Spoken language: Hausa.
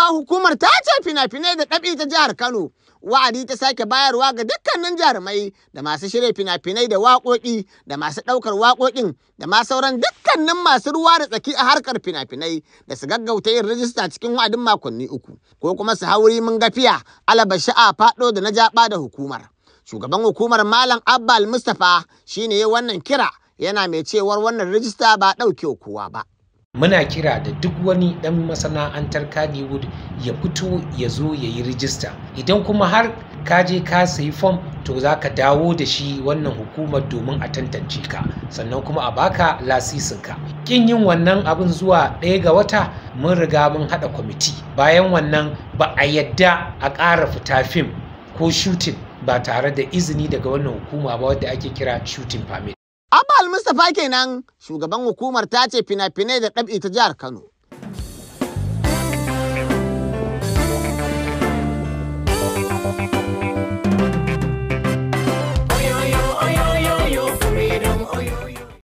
cewa hukumar ta ce fina-finai da ɗabi ta jihar Kano wa'adi ta sake bayarwa ga dukkanin jarumai da masu shirya fina-finai da waƙoƙi da masu ɗaukar waƙoƙin da ma sauran dukkanin masu ruwa da tsaki a harkar fina-finai da su gaggauta yin rajista cikin wa'adin makonni uku ko kuma su hauri mun gafiya alaba sha'a faɗo da na jaɓa da hukumar. Shugaban hukumar Malam Abbal Mustapha shine ya wannan kira yana mai cewar wannan rajista ba ɗauke kowa ba. muna kira da duk wani ɗan masana'antar kannywood ya fito ya zo ya yi rijista idan kuma har ka je ka sayi fom to za ka dawo da shi wannan hukumar domin a tantance ka sannan kuma a baka lasisinka Ƙin yin wannan abin zuwa ɗaya ga wata mun riga mun haɗa kwamiti bayan wannan ba a yadda a ƙara fita fim ko shutin ba tare da izini daga wannan hukuma ba wadda ake kira shooting permit Abba Al-Mustapha kenan shugaban hukumar ta ce fina-finai da ɗab'i ta jihar Kano.